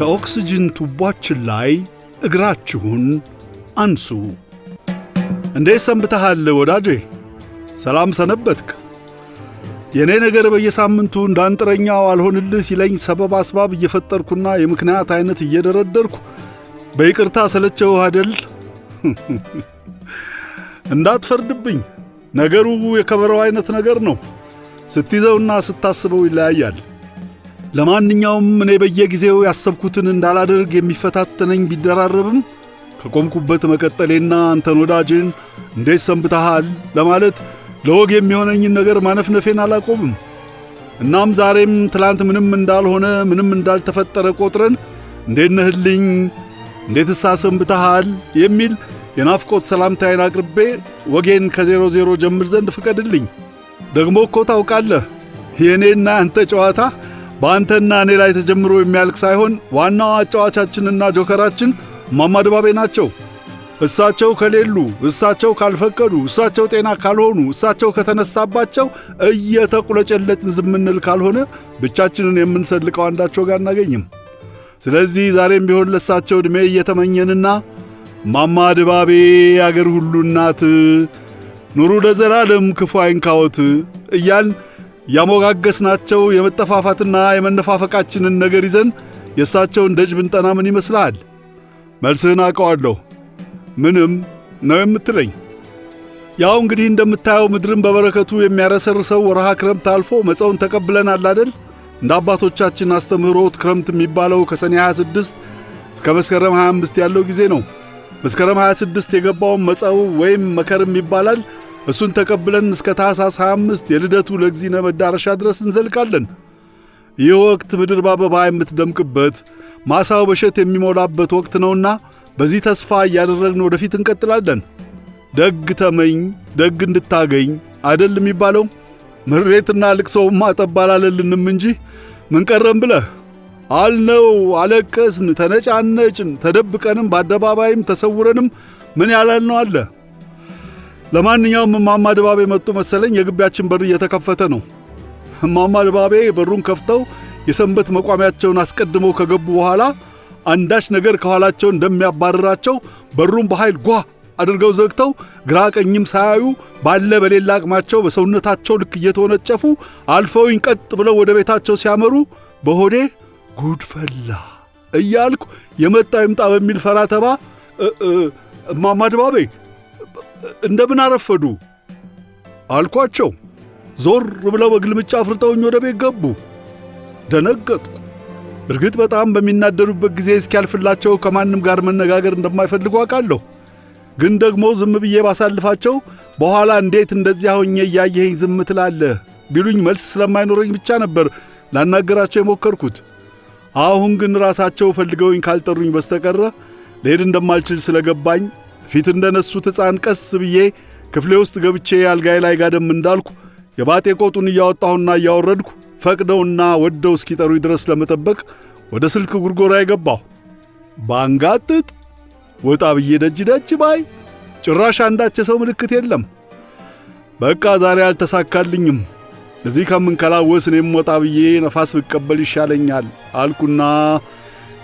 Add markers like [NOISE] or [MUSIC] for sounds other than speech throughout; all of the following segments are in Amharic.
ከኦክስጅን ቱቧችን ላይ እግራችሁን አንሱ። እንዴት ሰንብተሃል ወዳጄ? ሰላም ሰነበትክ? የእኔ ነገር በየሳምንቱ እንዳንጥረኛው አልሆንልህ ሲለኝ ሰበብ አስባብ እየፈጠርኩና የምክንያት አይነት እየደረደርኩ በይቅርታ ሰለቸው አደል? [LAUGHS] እንዳትፈርድብኝ። ነገሩ የከበረው አይነት ነገር ነው። ስትይዘውና ስታስበው ይለያያል። ለማንኛውም እኔ በየጊዜው ያሰብኩትን እንዳላደርግ የሚፈታተነኝ ቢደራረብም ከቆምኩበት መቀጠሌና አንተን ወዳጅን እንዴት ሰንብተሃል ለማለት ለወግ የሚሆነኝን ነገር ማነፍነፌን አላቆምም። እናም ዛሬም ትላንት ምንም እንዳልሆነ ምንም እንዳልተፈጠረ ቆጥረን እንዴት ነህልኝ፣ እንዴትስ ሰንብተሃል የሚል የናፍቆት ሰላምታዬን አቅርቤ ወጌን ከዜሮ ዜሮ ጀምር ዘንድ ፍቀድልኝ። ደግሞ እኮ ታውቃለህ የእኔና አንተ ጨዋታ በአንተና እኔ ላይ ተጀምሮ የሚያልቅ ሳይሆን ዋናው አጫዋቻችንና ጆከራችን ማማድባቤ ናቸው። እሳቸው ከሌሉ፣ እሳቸው ካልፈቀዱ፣ እሳቸው ጤና ካልሆኑ፣ እሳቸው ከተነሳባቸው እየተቁለጨለጭን ዝምንል ካልሆነ ብቻችንን የምንሰልቀው አንዳቸው ጋር አናገኝም። ስለዚህ ዛሬም ቢሆን ለእሳቸው ዕድሜ እየተመኘንና ማማ ድባቤ አገር ሁሉ እናት ኑሩ ለዘላለም ክፉ አይንካዎት እያል ያሞጋገስናቸው የመጠፋፋትና የመነፋፈቃችንን ነገር ይዘን የእሳቸውን ደጅ ብንጠና ምን ይመስልሃል? መልስህን አውቀዋለሁ። ምንም ነው የምትለኝ። ያው እንግዲህ እንደምታየው ምድርን በበረከቱ የሚያረሰርሰው ወርሃ ክረምት አልፎ መጸውን ተቀብለናል አደል? እንደ አባቶቻችን አስተምህሮት ክረምት የሚባለው ከሰኔ 26 እስከ መስከረም 25 ያለው ጊዜ ነው። መስከረም 26 የገባውን መጸው ወይም መከርም ይባላል። እሱን ተቀብለን እስከ ታኅሳስ 25 የልደቱ ለግዚነ መዳረሻ ድረስ እንዘልቃለን። ይህ ወቅት ምድር በአበባ የምትደምቅበት ማሳው በሸት የሚሞላበት ወቅት ነውና በዚህ ተስፋ እያደረግን ወደፊት እንቀጥላለን። ደግ ተመኝ ደግ እንድታገኝ አደል የሚባለው? ምሬትና ልቅሶውማ ጠባል አለልንም እንጂ ምንቀረም ብለህ አልነው። አለቀስን፣ ተነጫነጭን፣ ተደብቀንም በአደባባይም ተሰውረንም ምን ያላልነው አለ ለማንኛውም እማማ ድባቤ መጡ መሰለኝ። የግቢያችን በር እየተከፈተ ነው። እማማ ድባቤ በሩን ከፍተው የሰንበት መቋሚያቸውን አስቀድመው ከገቡ በኋላ አንዳች ነገር ከኋላቸው እንደሚያባርራቸው በሩን በኃይል ጓ አድርገው ዘግተው ግራ ቀኝም ሳያዩ ባለ በሌላ አቅማቸው በሰውነታቸው ልክ እየተወነጨፉ አልፈውኝ ቀጥ ብለው ወደ ቤታቸው ሲያመሩ በሆዴ ጉድፈላ እያልኩ የመጣ ይምጣ በሚል ፈራተባ እማማ ድባቤ እንደምን አረፈዱ አልኳቸው። ዞር ብለው በግልምጫ አፍርተውኝ ወደ ቤት ገቡ። ደነገጡ እርግጥ በጣም በሚናደዱበት ጊዜ እስኪያልፍላቸው ከማንም ጋር መነጋገር እንደማይፈልጉ አውቃለሁ። ግን ደግሞ ዝም ብዬ ባሳልፋቸው በኋላ እንዴት እንደዚያ ሆኜ እያየኸኝ ዝም ትላለህ ቢሉኝ መልስ ስለማይኖረኝ ብቻ ነበር ላናገራቸው የሞከርኩት። አሁን ግን ራሳቸው ፈልገውኝ ካልጠሩኝ በስተቀረ ልሄድ እንደማልችል ስለገባኝ ፊት እንደነሱት ሕፃን ቀስ ብዬ ክፍሌ ውስጥ ገብቼ አልጋዬ ላይ ጋደም እንዳልኩ የባጤ ቆጡን እያወጣሁና እያወረድኩ ፈቅደውና ወደው እስኪጠሩ ድረስ ለመጠበቅ ወደ ስልክ ጉርጎራ የገባሁ ባንጋጥጥ ወጣ ብዬ ደጅ ደጅ ባይ ጭራሽ አንዳች የሰው ምልክት የለም። በቃ ዛሬ አልተሳካልኝም፣ እዚህ ከምንከላወስ እኔም ወጣ ብዬ ነፋስ ብቀበል ይሻለኛል አልኩና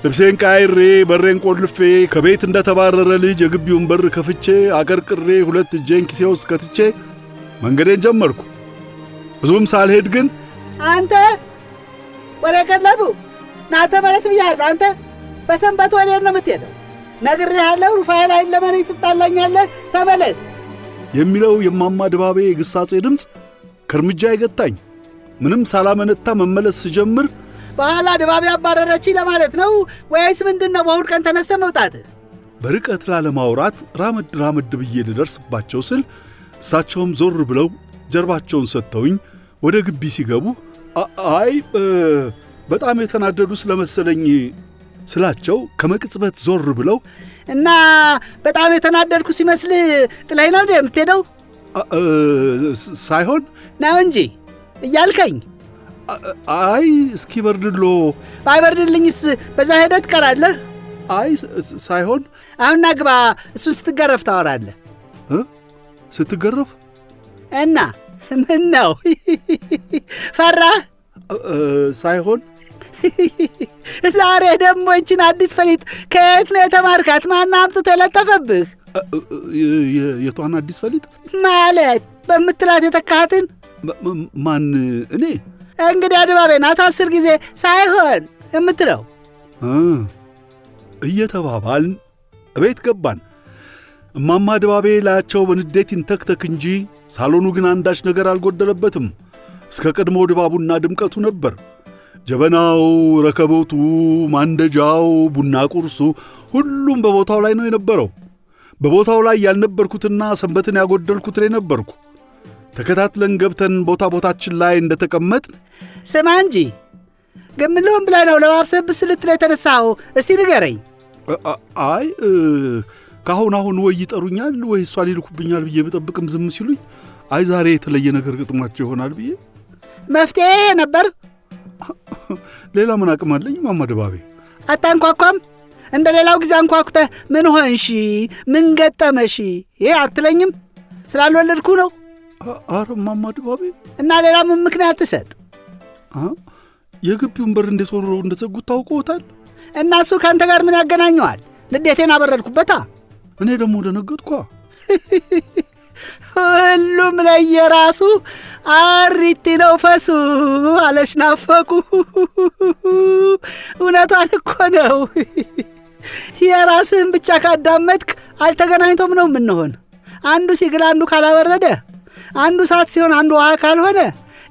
ልብሴን ቃይሬ በሬን ቆልፌ ከቤት እንደተባረረ ልጅ የግቢውን በር ከፍቼ አቀርቅሬ ሁለት እጄን ኪሴ ውስጥ ከትቼ መንገዴን ጀመርኩ። ብዙም ሳልሄድ ግን አንተ ወሬ ቀለቡ ናተ መለስ ብያዝ አንተ በሰንበት ወዴ ነው የምትሄደው? ነግሬሃለሁ። ሩፋኤል ላይ ለመሬት ትጣላኛለህ፣ ተመለስ የሚለው የማማ ድባቤ የግሳጼ ድምፅ ከእርምጃ የገታኝ ምንም ሳላመነታ መመለስ ስጀምር በኋላ ድባብ ያባረረች ለማለት ነው ወይስ ምንድን ነው? በእሁድ ቀን ተነስተ መውጣት በርቀት ላለማውራት ራመድ ራመድ ብዬ ልደርስባቸው ስል እሳቸውም ዞር ብለው ጀርባቸውን ሰጥተውኝ ወደ ግቢ ሲገቡ አይ በጣም የተናደዱ ስለመሰለኝ ስላቸው ከመቅጽበት ዞር ብለው እና በጣም የተናደድኩ ሲመስል ጥላይ ነው የምትሄደው ሳይሆን ነው እንጂ እያልከኝ አይ እስኪበርድሎ ባይበርድልኝስ በዛ ሄደህ ትቀራለህ። አይ ሳይሆን አሁና ግባ። እሱን ስትገረፍ ታወራለህ። ስትገረፍ እና ምን ነው ፈራ? ሳይሆን ዛሬ ደግሞ ይችን አዲስ ፈሊጥ ከየት ነው የተማርካት? ማና አምጥቶ የለጠፈብህ? የቷን አዲስ ፈሊጥ ማለት በምትላት የተካትን ማን እኔ እንግዲህ አድባቤ ናት አስር ጊዜ ሳይሆን የምትለው እየተባባልን እቤት ገባን። እማማ ድባቤ ላያቸው በንዴት ይንተክተክ እንጂ ሳሎኑ ግን አንዳች ነገር አልጎደለበትም። እስከ ቀድሞ ድባቡና ድምቀቱ ነበር። ጀበናው፣ ረከቦቱ፣ ማንደጃው፣ ቡና ቁርሱ፣ ሁሉም በቦታው ላይ ነው የነበረው። በቦታው ላይ ያልነበርኩትና ሰንበትን ያጎደልኩት እኔ ነበርኩ። ተከታትለን ገብተን ቦታ ቦታችን ላይ እንደተቀመጥ ስማ እንጂ ገምለውን ብላ ነው ለማብሰብ ስልት ላይ የተነሳኸው? እስቲ ንገረኝ። አይ ከአሁን አሁን ወይ ይጠሩኛል ወይ እሷ ሊልኩብኛል ብዬ ብጠብቅም ዝም ሲሉኝ፣ አይ ዛሬ የተለየ ነገር ገጥሟቸው ይሆናል ብዬ መፍትሄ ነበር። ሌላ ምን አቅም አለኝ? ማማ ድባቤ አታንኳኳም? እንደ ሌላው ጊዜ አንኳኩተህ ምን ሆንሺ፣ ምን ገጠመሽ ይህ አትለኝም? ስላልወለድኩ ነው አረ እማማ ድባቤ እና ሌላ ምን ምክንያት ትሰጥ? የግቢውን በር እንዴት ወርረው እንደዘጉት ታውቀውታል። እና እሱ ከአንተ ጋር ምን ያገናኘዋል? ንዴቴን አበረድኩበታ። እኔ ደግሞ ደነገጥኳ። [LAUGHS] ሁሉም ለየራሱ አሪቲ ነው ፈሱ አለች። ናፈቁ [LAUGHS] እውነቷን እኮ ነው። [LAUGHS] የራስህን ብቻ ካዳመጥክ አልተገናኝቶም ነው የምንሆን። አንዱ ሲግል አንዱ ካላበረደ አንዱ ሰዓት ሲሆን አንዱ ውሃ ካልሆነ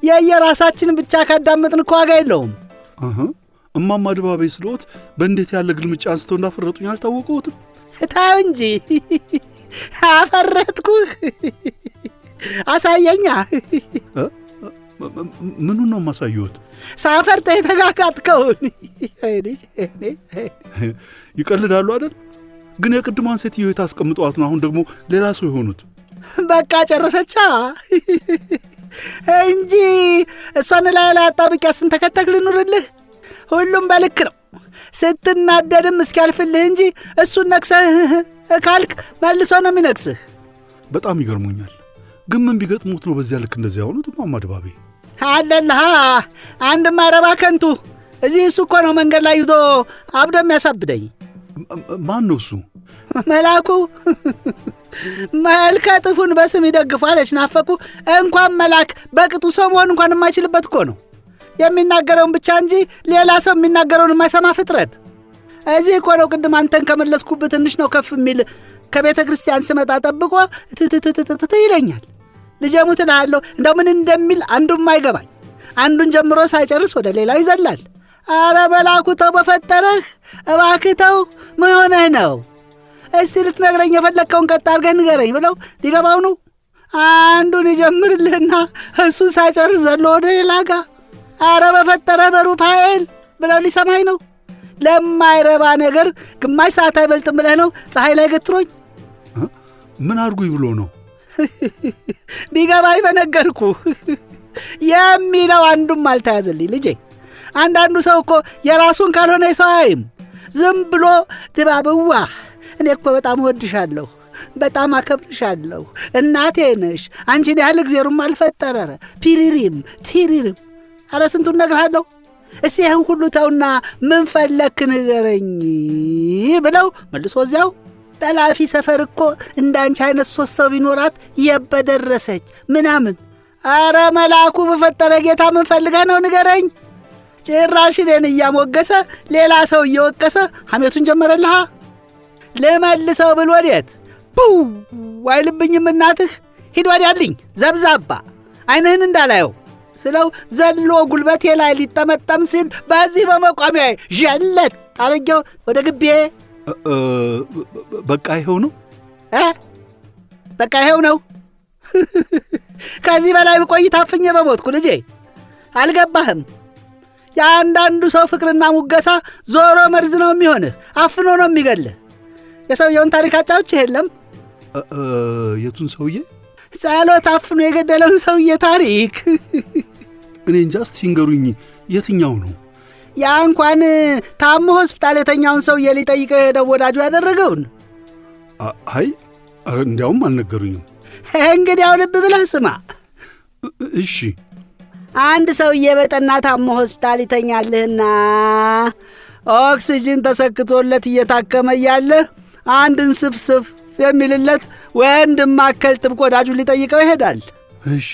የየራሳችን ብቻ ካዳመጥን እኮ ዋጋ የለውም። እማማ ድባቤ ስለዎት በእንዴት ያለ ግልምጫ አንስተው እንዳፈረጡኝ አልታወቁትም። እታዩ እንጂ አፈረጥኩህ። አሳየኛ። ምኑን ነው የማሳየሁት? ሳፈርጠ የተጋጋጥከውን። ይቀልዳሉ አይደል? ግን የቅድሟን ሴትዮ የታስቀምጠዋት ነው አሁን ደግሞ ሌላ ሰው የሆኑት። በቃ ጨረሰቻ እንጂ እሷን ላይ ላይ አጣብቂያ ስንተከተክ ልኑርልህ። ሁሉም በልክ ነው። ስትናደድም እስኪያልፍልህ እንጂ እሱን ነክሰህ ካልክ መልሶ ነው የሚነክስህ። በጣም ይገርሞኛል። ግን ምን ቢገጥሙት ነው በዚያ ልክ እንደዚያ የሆኑት? ማማ ድባቤ አለልሀ አንድ ማረባ ከንቱ እዚህ እሱ እኮ ነው መንገድ ላይ ይዞ አብዶ የሚያሳብደኝ። ማን ነው እሱ? መላኩ መልከ ጥፉን በስም ይደግፏለች። ናፈቁ እንኳን መላክ በቅጡ ሰው መሆን እንኳን የማይችልበት እኮ ነው። የሚናገረውን ብቻ እንጂ ሌላ ሰው የሚናገረውን የማይሰማ ፍጥረት። እዚህ እኮ ነው ቅድም አንተን ከመለስኩብ ትንሽ ነው ከፍ የሚል ከቤተ ክርስቲያን ስመጣ ጠብቆ ትትትትትት ይለኛል። ልጀሙ ትልሃለሁ እንደው ምን እንደሚል አንዱም አይገባኝ። አንዱን ጀምሮ ሳይጨርስ ወደ ሌላው ይዘላል። አረ መላኩ ተው በፈጠረህ እባክህ ተው፣ ምን ሆነህ ነው? እስቲ ልትነግረኝ የፈለግከውን ቀጥ አድርገህ ንገረኝ ብለው ሊገባው ነው። አንዱን ይጀምርልህና እሱን ሳይጨርስ ዘሎ ወደ ሌላ ጋ አረ በሩ በሩፋኤል ብለው ሊሰማኝ ነው። ለማይረባ ነገር ግማሽ ሰዓት አይበልጥም ብለህ ነው ፀሐይ ላይ ገትሮኝ። ምን አድርጉኝ ብሎ ነው ቢገባኝ በነገርኩ የሚለው አንዱም አልተያዘልኝ ልጄ። አንዳንዱ ሰው እኮ የራሱን ካልሆነ ሰው አይም ዝም ብሎ ድባብዋ እኔ እኮ በጣም ወድሻለሁ፣ በጣም አከብርሻለሁ። እናቴ ነሽ። አንቺን ያህል እግዜሩም አልፈጠረ። ፒሪሪም ቲሪሪም አረ ስንቱን ነግርሃለሁ። እስቲ ይህን ሁሉ ተውና ምን ፈለክ ንገረኝ ብለው መልሶ እዚያው ጠላፊ ሰፈር እኮ አንቺ አይነት ሶስት ሰው ቢኖራት የበደረሰች ምናምን። አረ መልአኩ በፈጠረ ጌታ ምን ነው ንገረኝ። ጭራሽ እኔን እያሞገሰ ሌላ ሰው እየወቀሰ ሐሜቱን ጀመረልሃ። ልመልሰው ብል ወዴት ቡ አይልብኝም እናትህ ሂድ ወዲያልኝ ዘብዛባ አይንህን እንዳላየው ስለው ዘሎ ጉልበቴ ላይ ሊጠመጠም ሲል በዚህ በመቋሚያ ዠለት አረጌው ወደ ግቤ በቃ ይኸው ነው እ በቃ ይኸው ነው ከዚህ በላይ ብቆይ ታፍኜ በሞትኩ ልጄ አልገባህም የአንዳንዱ ሰው ፍቅርና ሙገሳ ዞሮ መርዝ ነው የሚሆንህ አፍኖ ነው የሚገልህ የሰውየውን ታሪክ አጫውች የለም። የቱን ሰውዬ? ጸሎት አፍኖ የገደለውን ሰውዬ ታሪክ። እኔ እንጃ፣ እስቲ ንገሩኝ፣ የትኛው ነው? ያ እንኳን ታሞ ሆስፒታል የተኛውን ሰውዬ ሊጠይቀው የሄደው ወዳጁ ያደረገውን። አይ እንዲያውም አልነገሩኝም። እንግዲያው ልብ ብለህ ስማ። እሺ። አንድ ሰውዬ በጠና ታሞ ሆስፒታል ይተኛልህና ኦክስጅን ተሰክቶለት እየታከመ እያለህ አንድን ስፍስፍ የሚልለት ወንድም አከል ጥብቅ ወዳጁን ሊጠይቀው ይሄዳል። እሺ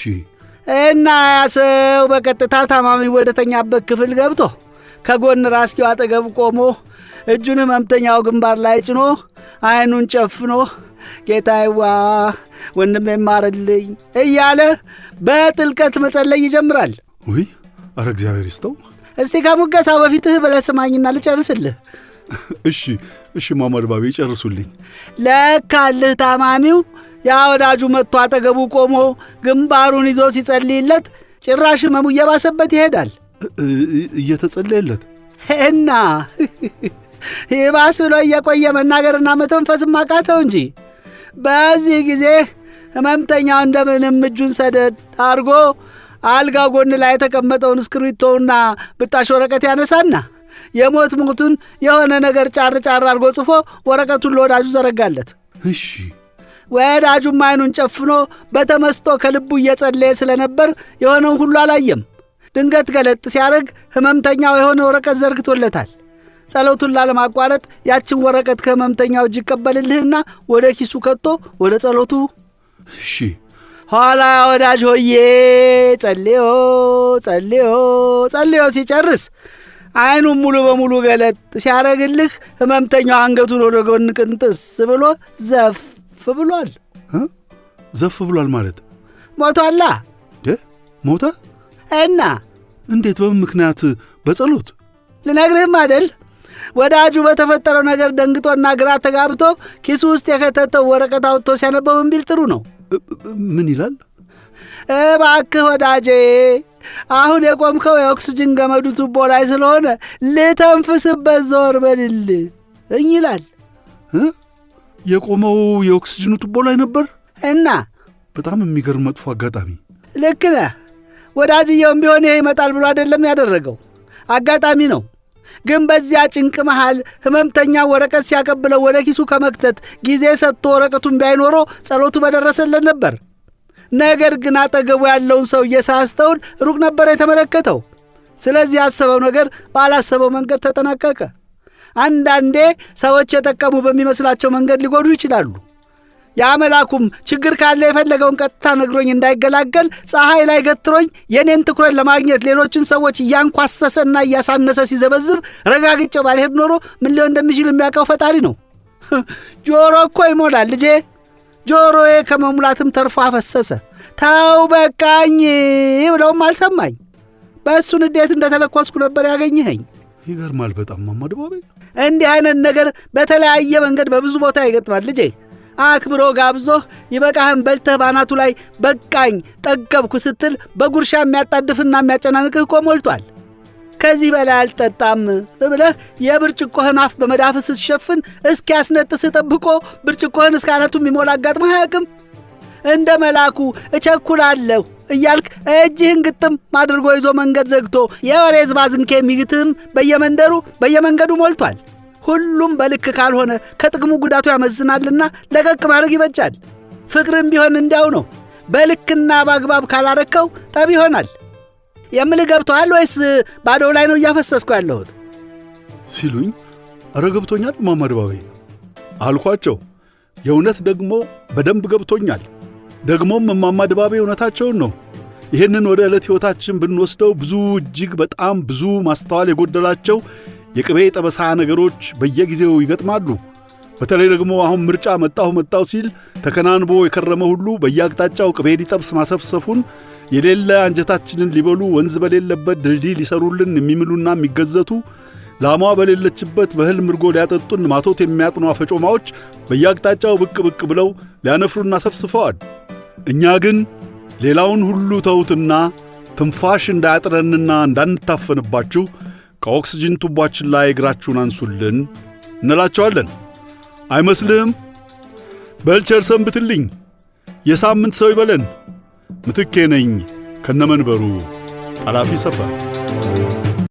እና ያሰው ሰው በቀጥታ ታማሚ ወደተኛበት ክፍል ገብቶ ከጎን ራስጌው አጠገብ ቆሞ እጁን ሕመምተኛው ግንባር ላይ ጭኖ አይኑን ጨፍኖ ጌታይዋ ወንድሜ ማርልኝ እያለ በጥልቀት መጸለይ ይጀምራል። ውይ፣ አረ እግዚአብሔር ይስጠው። እስቲ ከሙገሳው በፊትህ በለስማኝና ልጨርስልህ እሺ እሺ፣ ማመርባቤ ጨርሱልኝ። ለካልህ ታማሚው ያ ወዳጁ መጥቶ አጠገቡ ቆሞ ግንባሩን ይዞ ሲጸልይለት ጭራሽ ህመሙ እየባሰበት ይሄዳል። እየተጸለየለት እና [LAUGHS] ይባስ ብሎ እየቆየ መናገርና መተንፈስም አቃተው እንጂ በዚህ ጊዜ ህመምተኛው እንደምንም እጁን ሰደድ አድርጎ አልጋ ጎን ላይ የተቀመጠውን እስክሪቶውና ብጣሽ ወረቀት ያነሳና የሞት ሞቱን የሆነ ነገር ጫር ጫር አድርጎ ጽፎ ወረቀቱን ለወዳጁ ዘረጋለት። እሺ ወዳጁም አይኑን ጨፍኖ በተመስጦ ከልቡ እየጸለየ ስለነበር የሆነው ሁሉ አላየም። ድንገት ገለጥ ሲያደርግ ሕመምተኛው የሆነ ወረቀት ዘርግቶለታል። ጸሎቱን ላለማቋረጥ ያችን ወረቀት ከሕመምተኛው እጅ ይቀበልልህና ወደ ኪሱ ከቶ ወደ ጸሎቱ እሺ ኋላ ወዳጅ ሆዬ ጸልዮ ጸልዮ ጸልዮ ሲጨርስ አይኑን ሙሉ በሙሉ ገለጥ ሲያረግልህ ህመምተኛው አንገቱን ወደ ጎን ቅንጥስ ብሎ ዘፍ ብሏል። ዘፍ ብሏል ማለት ሞቷላ። ሞተ እና እንዴት? በምን ምክንያት? በጸሎት ልነግርህም አደል። ወዳጁ በተፈጠረው ነገር ደንግጦና ግራ ተጋብቶ ኪሱ ውስጥ የከተተው ወረቀት አውጥቶ ሲያነበው እምቢል ጥሩ ነው። ምን ይላል? እባክህ ወዳጄ አሁን የቆምከው የኦክስጅን ገመዱ ቱቦ ላይ ስለሆነ ልተንፍስበት ዘወር በልል እኝላል። የቆመው የኦክስጅኑ ቱቦ ላይ ነበር እና በጣም የሚገርም መጥፎ አጋጣሚ። ልክ ነህ። ወዳጅየውም ቢሆን ይሄ ይመጣል ብሎ አይደለም ያደረገው፣ አጋጣሚ ነው። ግን በዚያ ጭንቅ መሃል ህመምተኛ ወረቀት ሲያቀብለው ወደ ኪሱ ከመክተት ጊዜ ሰጥቶ ወረቀቱን ቢያይኖሮ ጸሎቱ በደረሰለን ነበር። ነገር ግን አጠገቡ ያለውን ሰውዬ እየሳስተውን ሩቅ ነበረ የተመለከተው። ስለዚህ ያሰበው ነገር ባላሰበው መንገድ ተጠናቀቀ። አንዳንዴ ሰዎች የጠቀሙ በሚመስላቸው መንገድ ሊጎዱ ይችላሉ። የአመላኩም ችግር ካለ የፈለገውን ቀጥታ ነግሮኝ እንዳይገላገል ፀሐይ ላይ ገትሮኝ የኔን ትኩረት ለማግኘት ሌሎችን ሰዎች እያንኳሰሰና እያሳነሰ ሲዘበዝብ ረጋግጬ ባልሄድ ኖሮ ምን ሊሆን እንደሚችል የሚያውቀው ፈጣሪ ነው። [LAUGHS] ጆሮ እኮ ይሞላል ልጄ። ጆሮዬ ከመሙላትም ተርፎ አፈሰሰ። ተው በቃኝ ብለውም አልሰማኝ። በእሱ ንዴት እንደተለኮስኩ ነበር ያገኘኸኝ። ይገርማል በጣም ማማ እንዲህ አይነት ነገር በተለያየ መንገድ በብዙ ቦታ ይገጥማል ልጄ። አክብሮ ጋብዞህ ይበቃህን በልተህ ባናቱ ላይ በቃኝ ጠገብኩ ስትል በጉርሻ የሚያጣድፍና የሚያጨናንቅህ እኮ ሞልቷል። ከዚህ በላይ አልጠጣም ብለህ የብርጭቆህን አፍ በመዳፍ ስትሸፍን እስኪያስነጥስህ ጠብቆ ብርጭቆህን እስከ አነቱ የሚሞላ አጋጥመህ አያውቅም። እንደ መልአኩ እቸኩላለሁ እያልክ እጅህን ግጥም አድርጎ ይዞ መንገድ ዘግቶ የወሬ ዝባዝንኬ የሚግትህም በየመንደሩ በየመንገዱ ሞልቷል። ሁሉም በልክ ካልሆነ ከጥቅሙ ጉዳቱ ያመዝናልና ለቀቅ ማድረግ ይበጃል። ፍቅርም ቢሆን እንዲያው ነው። በልክና በአግባብ ካላረከው ጠብ ይሆናል። የምልህ ገብተዋል ወይስ ባዶ ላይ ነው እያፈሰስኩ ያለሁት ሲሉኝ፣ እረ ገብቶኛል እማማ ድባቤ አልኳቸው። የእውነት ደግሞ በደንብ ገብቶኛል። ደግሞም እማማ ድባቤ እውነታቸውን ነው። ይህንን ወደ ዕለት ሕይወታችን ብንወስደው ብዙ እጅግ በጣም ብዙ ማስተዋል የጎደላቸው የቅቤ ጠበሳ ነገሮች በየጊዜው ይገጥማሉ። በተለይ ደግሞ አሁን ምርጫ መጣሁ መጣሁ ሲል ተከናንቦ የከረመ ሁሉ በየአቅጣጫው ቅቤ ሊጠብስ ማሰፍሰፉን የሌለ አንጀታችንን ሊበሉ ወንዝ በሌለበት ድልድይ ሊሰሩልን የሚምሉና የሚገዘቱ ላሟ በሌለችበት በእህል ምርጎ ሊያጠጡን ማቶት የሚያጥኑ አፈጮማዎች በየአቅጣጫው ብቅ ብቅ ብለው ሊያነፍሩና ሰፍስፈዋል። እኛ ግን ሌላውን ሁሉ ተውትና ትንፋሽ እንዳያጥረንና እንዳንታፈንባችሁ ከኦክስጅን ቱቧችን ላይ እግራችሁን አንሱልን እንላቸዋለን። አይመስልህም? በልቸር ሰንብትልኝ። የሳምንት ሰው ይበለን። ምትኬ ነኝ ከነመንበሩ ጠላፊ ሰፈር